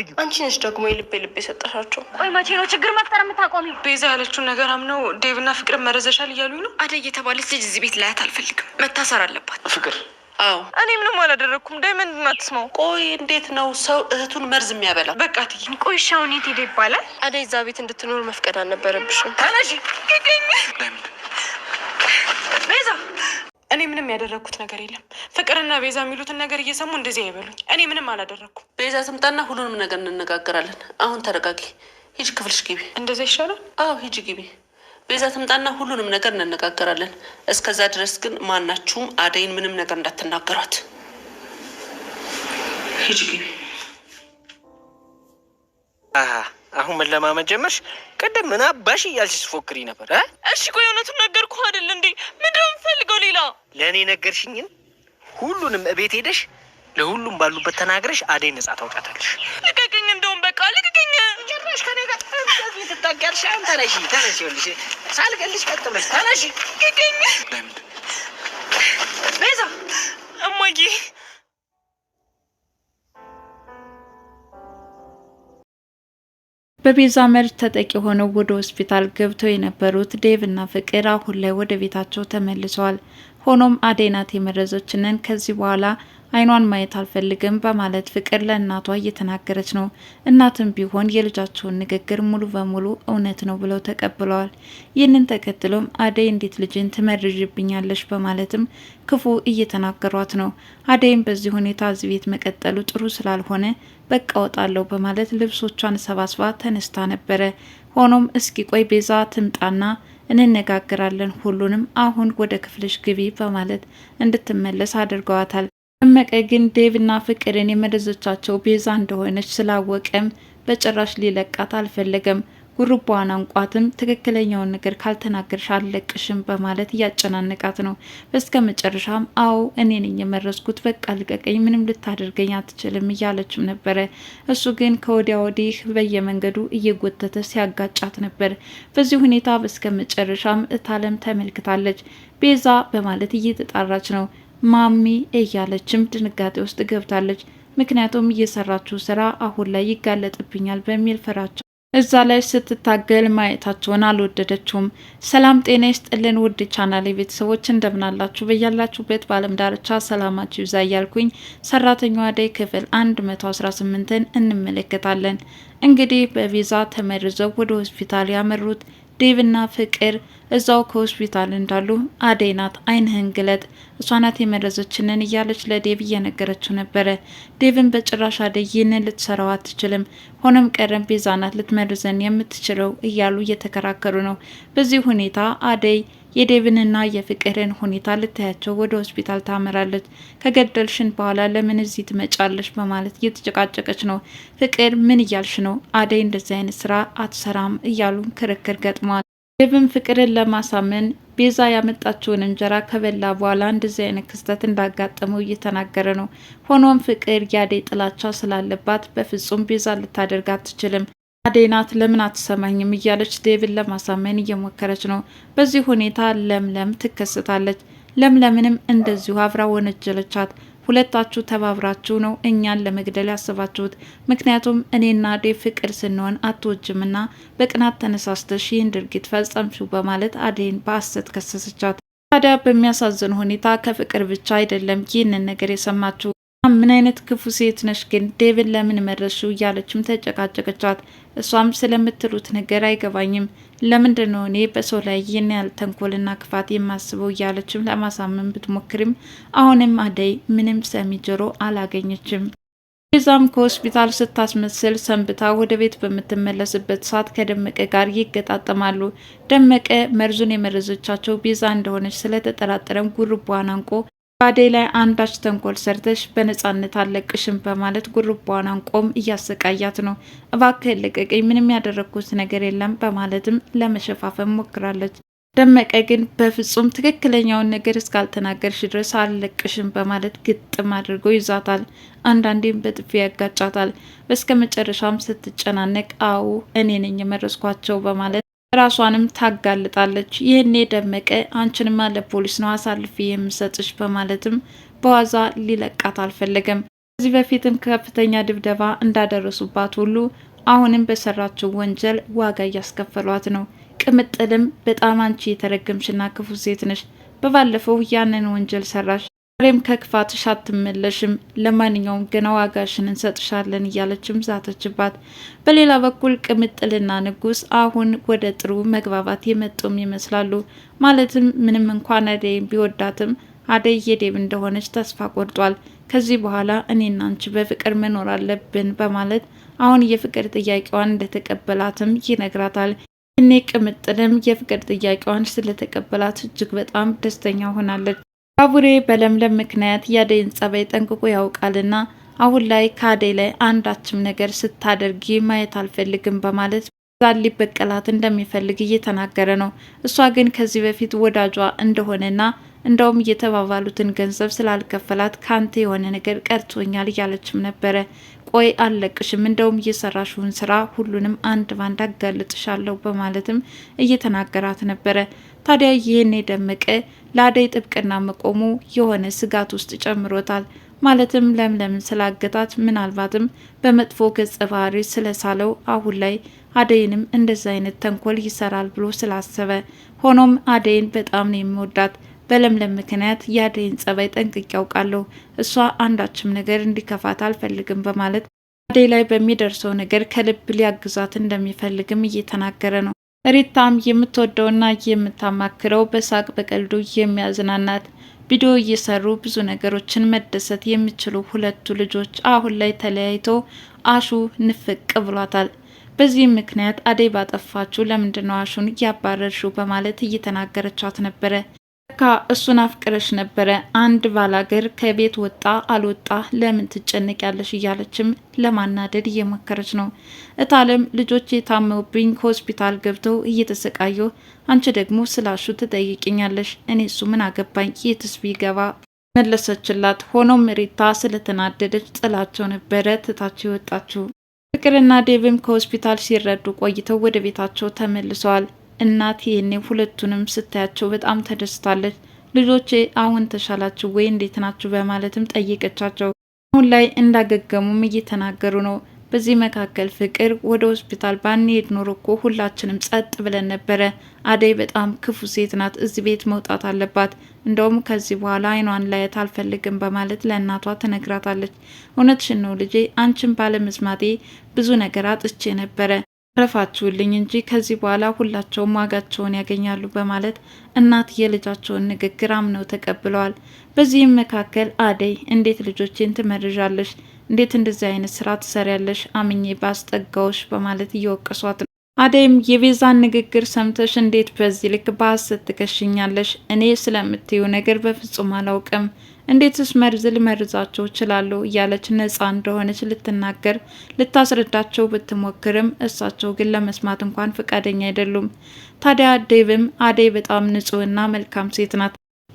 የምትፈልጊው? አንቺ ነሽ ደግሞ የልቤ ልብ የሰጠሻቸው። ቆይ መቼ ነው ችግር መፍጠር የምታቆሚ? ቤዛ ያለችውን ነገር አምነው ዴቭና ፍቅር መረዘሻል እያሉኝ ነው። አደይ የተባለች ልጅ እዚህ ቤት ላያት አልፈልግም። መታሰር አለባት ፍቅር አዎ እኔ ምንም አላደረግኩም። ዳይመንድ ናትስማው። ቆይ እንዴት ነው ሰው እህቱን መርዝ የሚያበላ? በቃ ትይኝ። ቆይ ሻውን የት ሄደ ይባላል? አደ እዛ ቤት እንድትኖር መፍቀድ አልነበረብሽም። ታናሽ ቤዛ እኔ ምንም ያደረግኩት ነገር የለም። ፍቅርና ቤዛ የሚሉትን ነገር እየሰሙ እንደዚህ አይበሉኝ። እኔ ምንም አላደረግኩም። ቤዛ ትምጣና ሁሉንም ነገር እንነጋገራለን። አሁን ተረጋጊ፣ ሂጂ ክፍልሽ ግቢ። እንደዛ ይሻላል? አዎ ሂጂ ግቢ። ቤዛ ትምጣና ሁሉንም ነገር እንነጋገራለን። እስከዛ ድረስ ግን ማናችሁም አደይን ምንም ነገር እንዳትናገሯት። ሂጂ ግቢ። አሁን ምን ጀመርሽ? ቅድም ምን አባሽ እያልሽ ስፎክሪ ነበር። እሺ ቆይ እውነቱን ነገርኩህ አይደል እንዴ? የምትፈልገው ሌላ? ለእኔ ነገርሽኝን ሁሉንም እቤት ሄደሽ ለሁሉም ባሉበት ተናግረሽ አደይ ነጻ ታውቃታለሽ። ልቀቅኝ! እንደውም በቃ ልቀቅኝ! ጭራሽ ከኔ ጋር ልትጣቂያለሽ? አሁን ተነሺ፣ ተነሺ፣ ይኸውልሽ ሳልገልሽ ቀጥመሽ ተነሺ። ልቀቅኝ! ቤዛ እማዬ በቤዛ መርዝ ተጠቂ ሆነው ወደ ሆስፒታል ገብተው የነበሩት ዴቭ እና ፍቅር አሁን ላይ ወደ ቤታቸው ተመልሰዋል። ሆኖም አደይ ናት የመረዘችንን ከዚህ በኋላ አይኗን ማየት አልፈልግም በማለት ፍቅር ለእናቷ እየተናገረች ነው። እናትም ቢሆን የልጃቸውን ንግግር ሙሉ በሙሉ እውነት ነው ብለው ተቀብለዋል። ይህንን ተከትሎም አደይ እንዴት ልጅን ትመርዥብኛለሽ በማለትም ክፉ እየተናገሯት ነው። አደይም በዚህ ሁኔታ እዚህ ቤት መቀጠሉ ጥሩ ስላልሆነ በቃ ወጣለሁ በማለት ልብሶቿን ሰባስባ ተነስታ ነበረ። ሆኖም እስኪ ቆይ ቤዛ ትምጣና እንነጋገራለን፣ ሁሉንም አሁን ወደ ክፍልሽ ግቢ በማለት እንድትመለስ አድርገዋታል። ደመቀ ግን ዴቭና ፍቅርን የመደዘቻቸው ቤዛ እንደሆነች ስላወቀም በጭራሽ ሊለቃት አልፈለገም። ጉርቧን አንቋትም ትክክለኛውን ነገር ካልተናገርሽ አለቅሽም በማለት እያጨናነቃት ነው። በስከ መጨረሻም አዎ እኔ ነኝ የመረስኩት፣ በቃ ልቀቀኝ፣ ምንም ልታደርገኝ አትችልም እያለችም ነበረ። እሱ ግን ከወዲያ ወዲህ በየመንገዱ እየጎተተ ሲያጋጫት ነበር። በዚህ ሁኔታ በስከ መጨረሻም እታለም ተመልክታለች። ቤዛ በማለት እየተጣራች ነው። ማሚ እያለችም ድንጋጤ ውስጥ ገብታለች። ምክንያቱም እየሰራችው ስራ አሁን ላይ ይጋለጥብኛል በሚል ፍራቻ እዛ ላይ ስትታገል ማየታቸውን አልወደደችውም። ሰላም ጤና ይስጥልን ውድ ቻናል ቤተሰቦች እንደምናላችሁ በያላችሁበት በዓለም ዳርቻ ሰላማችሁ ይብዛ እያልኩኝ ሰራተኛዋ አደይ ክፍል 118ን እንመለከታለን። እንግዲህ በቪዛ ተመርዘው ወደ ሆስፒታል ያመሩት ዴቭና ፍቅር እዛው ከሆስፒታል እንዳሉ አደይ ናት፣ አይንህን ግለጥ እሷ ናት የመረዘችንን እያለች ለዴቭ እየነገረችው ነበረ። ዴቭን በጭራሽ አደይ ይህንን ልትሰራው አትችልም፣ ሆኖም ቀረም ቤዛ ናት ልትመርዘን የምትችለው እያሉ እየተከራከሩ ነው። በዚህ ሁኔታ አደይ የዴቭንና የፍቅርን ሁኔታ ልታያቸው ወደ ሆስፒታል ታመራለች። ከገደልሽን በኋላ ለምን እዚህ ትመጫለሽ? በማለት እየተጨቃጨቀች ነው። ፍቅር ምን እያልሽ ነው? አደይ እንደዚህ አይነት ስራ አትሰራም እያሉም ክርክር ገጥሟል። ዴቭን ፍቅርን ለማሳመን ቤዛ ያመጣችውን እንጀራ ከበላ በኋላ እንደዚህ አይነት ክስተት እንዳጋጠመው እየተናገረ ነው። ሆኖም ፍቅር ያደይ ጥላቻ ስላለባት በፍጹም ቤዛ ልታደርግ አትችልም። አደይ ናት ለምን አትሰማኝም እያለች ዴቪን ለማሳመን እየሞከረች ነው። በዚህ ሁኔታ ለምለም ትከሰታለች። ለምለምንም እንደዚሁ አብራ ወነጀለቻት። ሁለታችሁ ተባብራችሁ ነው እኛን ለመግደል ያስባችሁት። ምክንያቱም እኔና ዴ ፍቅር ስንሆን አትወጅምና በቅናት ተነሳስተሽ ይህን ድርጊት ፈጸምሽው በማለት አደይን በሐሰት ከሰሰቻት። ታዲያ በሚያሳዝን ሁኔታ ከፍቅር ብቻ አይደለም ይህንን ነገር የሰማችሁ ምን አይነት ክፉ ሴት ነሽ ግን ዴቭን ለምን መረሹ እያለችም ተጨቃጨቀቻት። እሷም ስለምትሉት ነገር አይገባኝም፣ ለምንድን ነው እኔ በሰው ላይ ይህን ያህል ተንኮልና ክፋት የማስበው እያለችም ለማሳመን ብትሞክርም አሁንም አደይ ምንም ሰሚ ጆሮ አላገኘችም። ቤዛም ከሆስፒታል ስታስመስል ሰንብታ ወደ ቤት በምትመለስበት ሰዓት ከደመቀ ጋር ይገጣጠማሉ። ደመቀ መርዙን የመረዘቻቸው ቤዛ እንደሆነች ስለተጠራጠረም ጉርቧን አንቆ በአደይ ላይ አንዳች ተንኮል ሰርተሽ በነጻነት አለቅሽም በማለት ጉርቧን አንቆም እያሰቃያት ነው። እባክህ ልቀቀኝ፣ ምንም ያደረግኩት ነገር የለም በማለትም ለመሸፋፈን ሞክራለች። ደመቀ ግን በፍጹም ትክክለኛውን ነገር እስካልተናገርሽ ድረስ አልለቅሽም በማለት ግጥም አድርጎ ይዛታል። አንዳንዴም በጥፊ ያጋጫታል። በስከ መጨረሻም ስትጨናነቅ አዎ እኔ ነኝ የመረስኳቸው በማለት ራሷንም ታጋልጣለች። ይህኔ ደመቀ አንቺንማ ለፖሊስ ነው አሳልፌ የምሰጥሽ በማለትም በዋዛ ሊለቃት አልፈለገም። ከዚህ በፊትም ከፍተኛ ድብደባ እንዳደረሱባት ሁሉ አሁንም በሰራችው ወንጀል ዋጋ እያስከፈሏት ነው። ቅምጥልም በጣም አንቺ የተረገምሽና ክፉ ሴት ነሽ፣ በባለፈው ያንን ወንጀል ሰራሽ ፍሬም ከክፋትሽ አትመለሽም፣ ለማንኛውም ገና ዋጋሽን እንሰጥሻለን እያለችም ዛተችባት። በሌላ በኩል ቅምጥልና ንጉስ አሁን ወደ ጥሩ መግባባት የመጡም ይመስላሉ። ማለትም ምንም እንኳን አደይም ቢወዳትም አደይ የዴብ እንደሆነች ተስፋ ቆርጧል። ከዚህ በኋላ እኔና አንቺ በፍቅር መኖር አለብን በማለት አሁን የፍቅር ጥያቄዋን እንደተቀበላትም ይነግራታል። እኔ ቅምጥልም የፍቅር ጥያቄዋን ስለተቀበላት እጅግ በጣም ደስተኛ ሆናለች። ባቡሬ በለምለም ምክንያት የአደይን ጸባይ ጠንቅቆ ያውቃልና አሁን ላይ ከአደይ ላይ አንዳችም ነገር ስታደርጊ ማየት አልፈልግም በማለት ዛን ሊበቀላት እንደሚፈልግ እየተናገረ ነው። እሷ ግን ከዚህ በፊት ወዳጇ እንደሆነና እንደውም እየተባባሉትን ገንዘብ ስላልከፈላት ከአንተ የሆነ ነገር ቀርቶኛል እያለችም ነበረ። ቆይ አልለቅሽም፣ እንደውም እየሰራሽውን ስራ ሁሉንም አንድ ባንድ አጋልጥሻለሁ በማለትም እየተናገራት ነበረ። ታዲያ ይህን የደመቀ ለአደይ ጥብቅና መቆሙ የሆነ ስጋት ውስጥ ጨምሮታል። ማለትም ለምለምን ስላገታት ምናልባትም በመጥፎ ገጸ ባህሪ ስለሳለው አሁን ላይ አደይንም እንደዚ አይነት ተንኮል ይሰራል ብሎ ስላሰበ ሆኖም አደይን በጣም ነው የሚወዳት በለምለም ምክንያት የአደይን ጸባይ ጠንቅቄ ያውቃለሁ። እሷ አንዳችም ነገር እንዲከፋት አልፈልግም በማለት አደይ ላይ በሚደርሰው ነገር ከልብ ሊያግዛት እንደሚፈልግም እየተናገረ ነው። ሪታም የምትወደውና የምታማክረው በሳቅ በቀልዱ የሚያዝናናት ቪዲዮ እየሰሩ ብዙ ነገሮችን መደሰት የሚችሉ ሁለቱ ልጆች አሁን ላይ ተለያይተው አሹ ንፍቅ ብሏታል። በዚህም ምክንያት አደይ ባጠፋችሁ ለምንድነው አሹን እያባረርሹ በማለት እየተናገረቻት ነበረ። ካ እሱን አፍቅረሽ ነበረ። አንድ ባላገር ከቤት ወጣ አልወጣ ለምን ትጨነቅ እያለችም ለማናደድ እየሞከረች ነው። እታለም ልጆች የታመውብኝ ከሆስፒታል ገብተው እየተሰቃየሁ፣ አንቺ ደግሞ ስላሹ ትጠይቅኛለሽ። እኔ እሱ ምን አገባኝ የትስ ቢገባ መለሰችላት። ሆኖም ሪታ ስለተናደደች ጥላቸው ነበረ ትታቸው የወጣችው። ፍቅርና ዴቭም ከሆስፒታል ሲረዱ ቆይተው ወደ ቤታቸው ተመልሰዋል። እናት ይህኔ ሁለቱንም ስታያቸው በጣም ተደስታለች። ልጆቼ አሁን ተሻላችሁ ወይ እንዴት ናችሁ? በማለትም ጠየቀቻቸው። አሁን ላይ እንዳገገሙም እየተናገሩ ነው። በዚህ መካከል ፍቅር ወደ ሆስፒታል ባንሄድ ኖሮ እኮ ሁላችንም ጸጥ ብለን ነበረ። አደይ በጣም ክፉ ሴት ናት፣ እዚህ ቤት መውጣት አለባት። እንደውም ከዚህ በኋላ አይኗን ላየት አልፈልግም በማለት ለእናቷ ትነግራታለች። እውነትሽን ነው ልጄ፣ አንቺን ባለመስማቴ ብዙ ነገር አጥቼ ነበረ ረፋችሁልኝ እንጂ ከዚህ በኋላ ሁላቸውም ዋጋቸውን ያገኛሉ በማለት እናት የልጃቸውን ንግግር አምነው ተቀብለዋል። በዚህም መካከል አደይ እንዴት ልጆቼን ትመርዣለሽ? እንዴት እንደዚህ አይነት ስራ ትሰሪያለሽ? አምኜ ባስጠጋዎች በማለት እየወቀሷት ነው። አደይም የቤዛን ንግግር ሰምተሽ እንዴት በዚህ ልክ በሐሰት ትከሽኛለሽ? እኔ ስለምትዩ ነገር በፍጹም አላውቅም እንዴትስ መርዝ ልመርዛቸው እችላለሁ እያለች ነጻ እንደሆነች ልትናገር ልታስረዳቸው ብትሞክርም እሳቸው ግን ለመስማት እንኳን ፈቃደኛ አይደሉም። ታዲያ ዴቭም አደይ በጣም ንጹህና መልካም ሴት ናት፣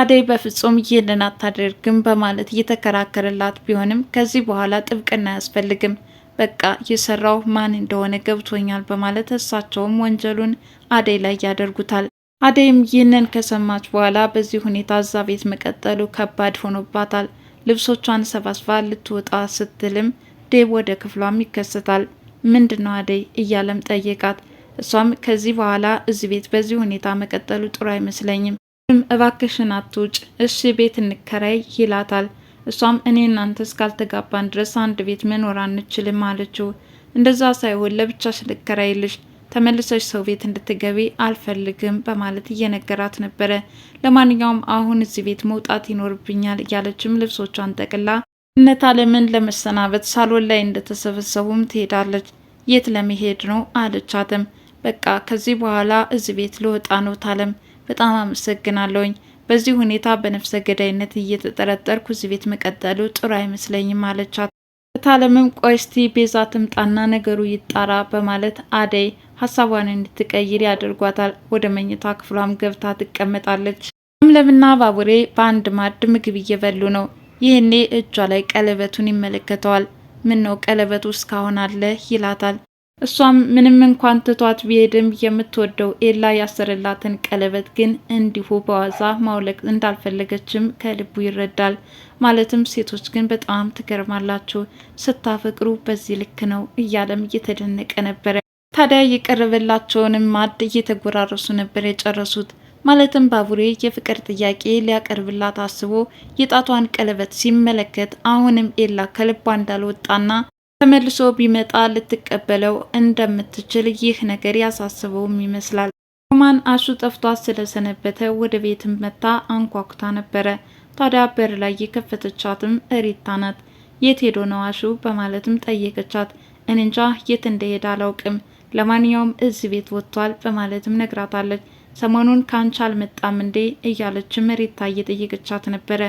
አደይ በፍጹም ይህንን አታደርግም በማለት እየተከራከረላት ቢሆንም ከዚህ በኋላ ጥብቅና አያስፈልግም በቃ የሰራው ማን እንደሆነ ገብቶኛል በማለት እሳቸውም ወንጀሉን አደይ ላይ ያደርጉታል። አደይም ይህንን ከሰማች በኋላ በዚህ ሁኔታ እዛ ቤት መቀጠሉ ከባድ ሆኖባታል። ልብሶቿን ሰባስባ ልትወጣ ስትልም ዴብ ወደ ክፍሏም ይከሰታል። ምንድን ነው አደይ እያለም ጠየቃት። እሷም ከዚህ በኋላ እዚህ ቤት በዚህ ሁኔታ መቀጠሉ ጥሩ አይመስለኝም፣ እባክሽን አትውጭ፣ እሺ ቤት እንከራይ ይላታል። እሷም እኔ እናንተ እስካልተጋባን ድረስ አንድ ቤት መኖር አንችልም አለችው። እንደዛ ሳይሆን ለብቻሽ ልከራይልሽ ተመልሰች ሰው ቤት እንድትገቢ አልፈልግም በማለት እየነገራት ነበረ። ለማንኛውም አሁን እዚህ ቤት መውጣት ይኖርብኛል እያለችም ልብሶቿን ጠቅላ እነታለምን ለመሰናበት ሳሎን ላይ እንደተሰበሰቡም ትሄዳለች። የት ለመሄድ ነው አለቻትም። በቃ ከዚህ በኋላ እዚህ ቤት ልወጣ ነው ታለም፣ በጣም አመሰግናለውኝ። በዚህ ሁኔታ በነፍሰ ገዳይነት እየተጠረጠርኩ እዚህ ቤት መቀጠሉ ጥሩ አይመስለኝም አለቻት። ታለምም ቆይ እስቲ ቤዛ ትምጣና ነገሩ ይጣራ በማለት አደይ ሀሳቧን እንድትቀይር ያደርጓታል። ወደ መኝታ ክፍሏም ገብታ ትቀመጣለች። ለምለምና ባቡሬ በአንድ ማድ ምግብ እየበሉ ነው። ይህኔ እጇ ላይ ቀለበቱን ይመለከተዋል። ምን ነው ቀለበቱ እስካሁን አለ ይላታል። እሷም ምንም እንኳን ትቷት ቢሄድም የምትወደው ኤላ ያሰረላትን ቀለበት ግን እንዲሁ በዋዛ ማውለቅ እንዳልፈለገችም ከልቡ ይረዳል። ማለትም ሴቶች ግን በጣም ትገርማላችሁ፣ ስታፈቅሩ በዚህ ልክ ነው እያለም እየተደነቀ ነበረ። ታዲያ የቀረበላቸውንም ማዕድ እየተጎራረሱ ነበር የጨረሱት። ማለትም ባቡሬ የፍቅር ጥያቄ ሊያቀርብላት አስቦ የጣቷን ቀለበት ሲመለከት አሁንም ኤላ ከልቧ እንዳልወጣና ተመልሶ ቢመጣ ልትቀበለው እንደምትችል ይህ ነገር ያሳስበውም ይመስላል። ሮማን አሹ ጠፍቷት ስለሰነበተ ወደ ቤትም መታ አንኳኩታ ነበረ። ታዲያ በር ላይ የከፈተቻትም እሪታ ናት። የት ሄዶ ነው አሹ በማለትም ጠየቀቻት። እንንጃ የት እንደሄደ አላውቅም ለማንኛውም እዚህ ቤት ወጥቷል በማለትም ነግራታለች። ሰሞኑን ከአንቺ አልመጣም እንዴ እያለች መሬት ታየ ጠየቀቻት ነበረ።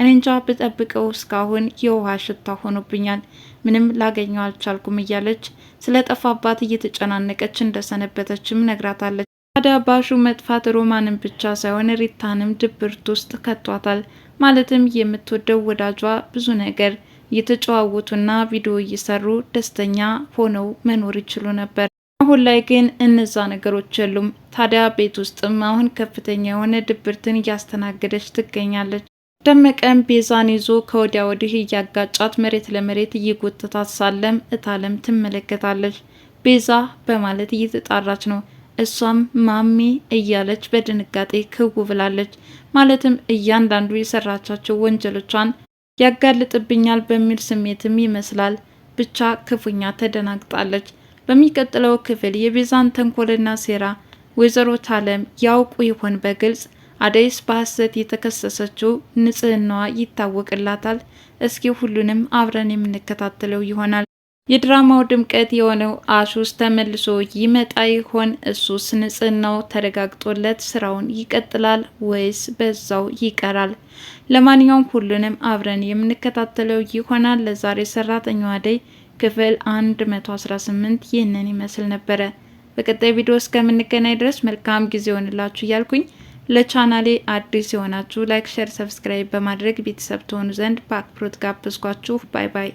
እኔ እንጃ ብጠብቀው እስካሁን የውሃ ሽታ ሆኖብኛል፣ ምንም ላገኘው አልቻልኩም እያለች ስለ ጠፋባት እየተጨናነቀች እንደሰነበተችም ነግራታለች። ታዲያ ባሹ መጥፋት ሮማንን ብቻ ሳይሆን ሪታንም ድብርት ውስጥ ከቷታል። ማለትም የምትወደው ወዳጇ ብዙ ነገር እየተጨዋወቱና ቪዲዮ እየሰሩ ደስተኛ ሆነው መኖር ይችሉ ነበር። አሁን ላይ ግን እነዛ ነገሮች የሉም። ታዲያ ቤት ውስጥም አሁን ከፍተኛ የሆነ ድብርትን እያስተናገደች ትገኛለች። ደመቀም ቤዛን ይዞ ከወዲያ ወዲህ እያጋጫት መሬት ለመሬት እየጎተታት ሳለም እታለም ትመለከታለች። ቤዛ በማለት እየተጣራች ነው። እሷም ማሚ እያለች በድንጋጤ ክው ብላለች። ማለትም እያንዳንዱ የሰራቻቸው ወንጀሎቿን ያጋልጥብኛል በሚል ስሜትም ይመስላል ብቻ ክፉኛ ተደናግጣለች። በሚቀጥለው ክፍል የቤዛን ተንኮልና ሴራ ወይዘሮ ታለም ያውቁ ይሆን? በግልጽ አደይስ በሐሰት የተከሰሰችው ንጽህናዋ ይታወቅላታል? እስኪ ሁሉንም አብረን የምንከታተለው ይሆናል። የድራማው ድምቀት የሆነው አሹስ ተመልሶ ይመጣ ይሆን? እሱስ ንጽህናው ተረጋግጦለት ስራውን ይቀጥላል ወይስ በዛው ይቀራል? ለማንኛውም ሁሉንም አብረን የምንከታተለው ይሆናል። ለዛሬ ሰራተኛዋ አደይ ክፍል 118 ይህንን ይመስል ነበረ። በቀጣይ ቪዲዮ እስከምንገናኝ ድረስ መልካም ጊዜ ሆንላችሁ እያልኩኝ ለቻናሌ አዲስ የሆናችሁ ላይክ፣ ሸር ሰብስክራይብ በማድረግ ቤተሰብ ትሆኑ ዘንድ በአክብሮት ጋብዝኳችሁ። ባይ ባይ።